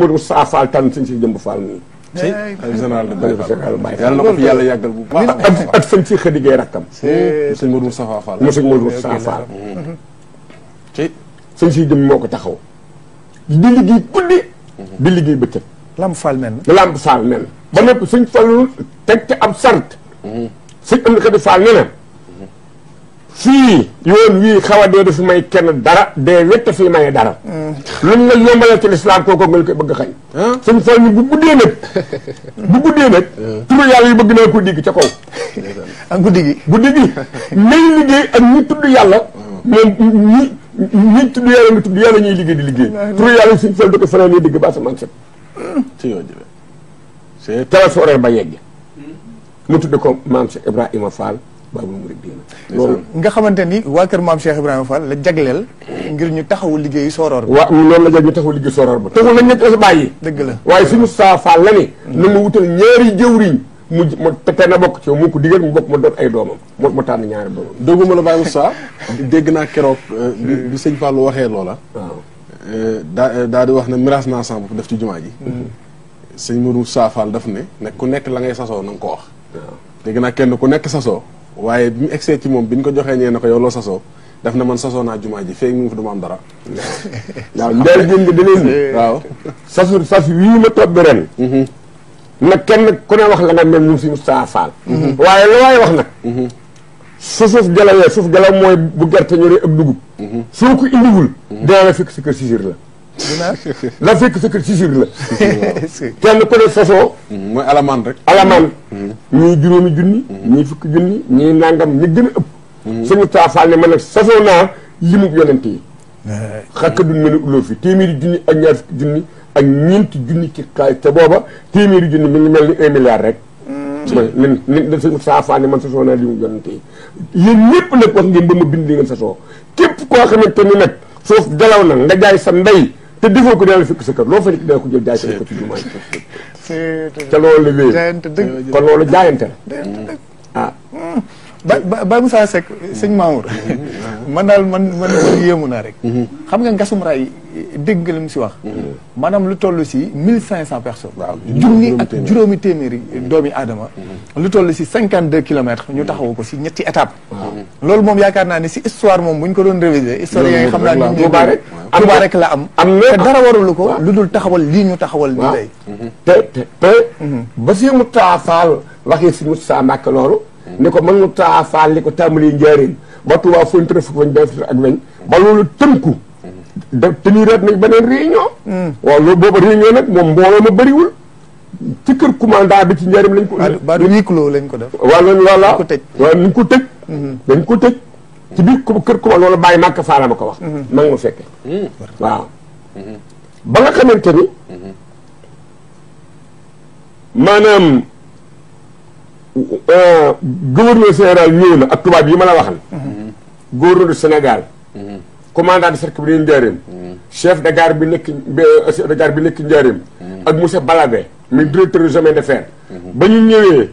Modou Moustapha Fall tànn sëñ Cheikh Jëmb Fall nii. si ay général de Baye Fall yàlla na ko fi yàlla yàggal bu baax ak ak sëñ Cheikh Xadigee rakkam. sëñ Modou Moustapha Fall. monsieur Modou Moustapha Fall. ci mm-hmm. sëñ Cheikh Jëmb moo ko taxaw. di liggéey guddi. Mm-hmm. di liggéey bëccëg. Lamp Fall mel na. Lamp Fall mel na ba noppi sëñ Fall teg ci ab sant. sëñ Amady Khady Fall nee na. fii yoon wii xaw a dee du fi may kenn dara dee wette fii maye dara. luñ la yombalal ci lislaam kooku nga koy bëgg a xañ. suñ fal ñu bu guddee nag. bu guddee nag. turu yàlla yi bëgg naa ko digg ca kaw. ak guddi gi guddi gi. nañ liggéey ak ñi tudd yàlla. moom ñi ñi tudd yàlla nga tudd yàlla ñuy liggéey di liggéey. turu yàlla suñ fal da ko fanaan digg ba asamaan set. ci ba yegg. Hmm? mu tudd ko maam Cheikh Ibrahima Fall. baabul muriddiina loolu nga xamante ni waa mam maam Cheikh Ibrahima Fall la jagleel ngir ñu taxawu liggéeyu sooroor bi waaw loolu la jag ñu taxawu liggéeyu sooroor ba taxul lañ nekk sa bàyyi dëgg la waaye suñu saa Fall la ni nanu mm. wutal ñaari jëwriñ mu mu te na bokk ci moo ko digal mu bokk ma doon ay doomam mo mu tànn ñaari doomam dogguma la Baye Moussa dégg naa keroog euh, eh. bi sëñ Fallou waxee loola eh, daa daa di wax ne miraas naa sama def ci jumaa ji mm. sëñ Mourou Moussa daf ne ne ku nekk la ngay sasoo na ko wax dégg naa kenn ku nekk sasoo waaye bi mu egsee ci moom bi ñu ko joxee ñee na ko yow loo sasoo daf na man sasoo naa jumaa ji feeg mu fa du am dara waaw ndeel gén gi dineen eh. bi waaw sasu sas wii ma tobbi ren mm-hmm. nag kenn ku ne wax la nga mel mun si Moustapha Fall mm-hmm. waaye lu waaye wax na mm-hmm. su suuf jalawee suuf jalaw mooy bu gerte ñoree ëpp dugub soo ko indiwul dina la fekk si kër sisir la la fekk secret si sur la. kenn ko ne sosoo. mooy alamaan rek. alamaan. Mm-hmm. ñii juróomi junni. Mm-hmm. ñii fukki junni ñii nangam ñi gën a ëpp. Mm-hmm. suñu taafaale ma téeméeri junni ak ñaar fukki ak ñeenti junni ci xaalis booba téeméeri junni mi ngi mel rek. Mm. ma leen leen da suñu taafaale man sosoo naa limub yonent yi. yéen ñëpp wax ngeen ba bind li ngeen sosoo képp koo xamante ni nag suuf dalaw na nga jaay sa ndey. te defo ko daal fekk sa kër lo fa nekk danga ko jël jaay ko ci jumaa yi ca lolou la wéy kon loolu jaayante ah ba ba musa sek seigne Mamour man dal man man yemuna rek mhm. xam nga ngassum ray dégg lim ci wax manam mhm. lu tollu ci 1500 personnes waaw personnes ak djuroomi téeméeri domi adama mhm. lu tollu ci 52 km ñu taxawu ko si ñetti étape loolu moom yaakaar naa ni si histoire moom bu ñu ko doon réviser histoire yi nga xam naa ni ñu bare am am am te dara warulu ko lu dul taxawal lii ñu taxawal di lay mhm. te te te mhm. ba si mu taafaal waxee si Moussa Mbacke loolu mhm. ni ko man mu taafaal li ko tàmbali njëriñ ba Tuubaa fontre fukk fañ def ak weñ ba loolu tënku def teniiraat nañ beneen réunion waaw loolu boobu réunion nag moom mbooloo ma bariwul ci kër commandant bi ci njëriñ lañ ko ba huis clos lañ ko def waaw loolu la ko tëj waaw ñu ko teg dañ ko tëj ci biir kër Kumba loolu bàyyi màkk faala ma ko wax ma ngi ma fekke waaw ba nga xamante ni maanaam euh, gouverneur général ñëw na ak tubaab yi ma la waxal gouverneur du Sénégal commandant de cercle bi nekk Njaaréem chef de gar bi nekk chef de bi nekk Njaaréem ak monsieur Balabé mi directeur du chemin de fer ba ñu ñëwee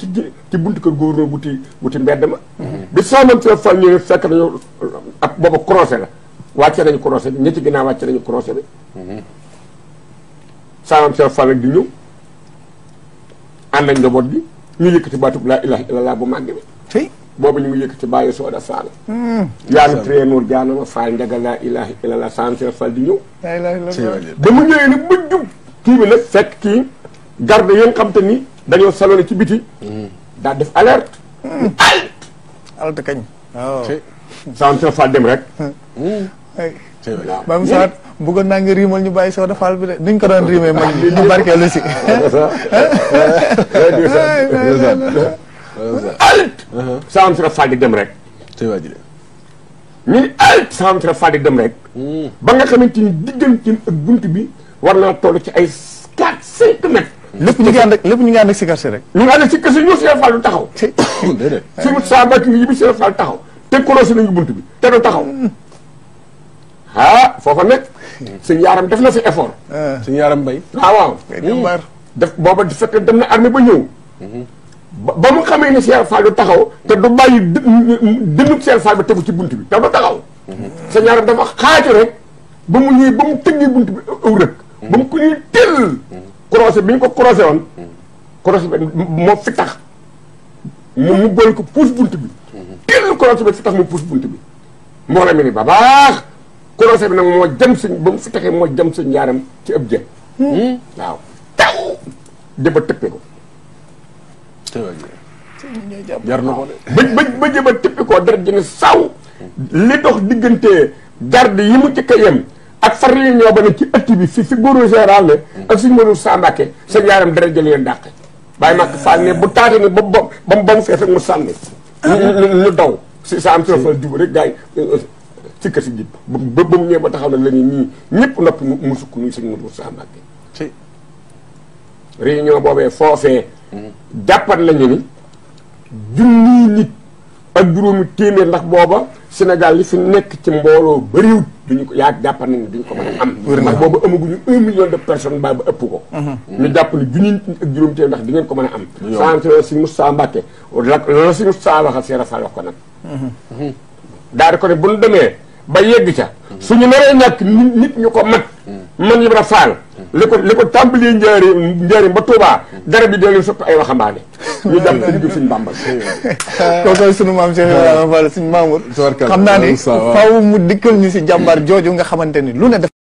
tijji ci buntu kër góor wuti wuti mbedd ma. bi saamam sa fal ñëwee fekk nañu ab la wàcce nañu croisé bi ñetti ginnaaw wàcce nañu croisé bi. saamam fal di ñëw ànd ak njaboot bi ñu yëkkati baatub laa ilaha illallah bu màgg bi. tey boobu ñu ngi yëkkati bàyyi sooda Sall. Hmm. yaa ngi traité Nour Diané ma Fall Ndiaga laa ilaha illallah di ba mu ñëwee nag ba jub kii bi nag fekk kii garde yi nga xam te ni. dañoo salone ci biti. Mm. daal def alerte. Mm. alerte. alerte kañ. waaw oh. sant Fall dem rek. c'est vrai bëggoon naa nga riimal ñu bàyyi soo Fall bi de ni ñu ko doon riimee man ñu barkeelu si. alerte. sant Fall di dem rek. c'est vrai. ñu ni alerte sant dem rek. Mm. ba nga xamante ni diggante ak bunt bi war naa toll ci ay. lépp ñu ngi ànd ak lépp ñu ngi si rek ñu ngi ànd ak sikar si ñu Cheikh Fall taxaw si mut sa mbàkk ngi bi Cheikh Fall taxaw te koroosi nañu bunt bi te du taxaw hmm. ah foofa nekk suñu yaaram def na fi effort ah. suñu yaaram bay ah, waaw hmm. def booba di fekk dem na armée ba ñëw hmm. ba mu xamee ne Cheikh Fall du taxaw te du bàyyi dënnub Cheikh Fall ba tegu ci bunt bi te du taxaw suñu yaaram dafa xaaju rek ba mu ñëw ba mu tëggee bunt bi ëw rek ba mu ko ñuy tëll croisé bi ko croisé woon. croisé bi moo fi tax mu mu boole ko puus bunt bi. teel croisé bi fi mu puus bunt bi. moo la mel ba baax croisé bi nag moo jëm suñ ba mu fi moo jëm suñ yaaram ci ëpp jën. waaw taw jëba tëppee ko. na ko de. ba ba jëba tëppee ko dara jënd saw. li dox diggante garde yi mu ci kayam. ak fa réunion ba ne ci ëtt bi fi fi góoru général la ak suñu mënu sàmbaake seen yaaram dara jël leen dàq bàyyi màkk faal ne bu taate ni ba ba ba mu ba mu fees rek lu daw si sa am si fa jub rek gars yi euh, euh, ci kër si jib ba ba mu ñëwee ba taxaw na la ñu nii ñëpp noppi mu sukk nuy suñu mënu sàmbaake réunion boobee foofee jàppat nañu ni ak juróomi téeméer ndax booba Sénégal yi fi nekk ci mbooloo bëriwut duñu ko yaa jàpp nañ ne duñ ko mën a am ndax booba de ba ëpp ko mhm. ñu jàpp ne junni nit ak ngeen ko mën a am sant si Moussa Mbacke la si Moussa waxal si rafal wax ko nag mhm. daal di ko ne bu ñu demee ba yegg mhm. su ñu naree ñàkk nit ñu ko mat man Ibra Fall léko ko li ko tàmbali njëriñ njëriñ ba dara bi doo leen sotti ay waxambaane. ñu jàpp si digg suñu bàmbal. kooku sunu maam Cheikh Ibrahima Fall suñu Mamour. xam naa ne faaw mu dikkal ñu si jàmbaar jooju nga xamante ni lu ne def.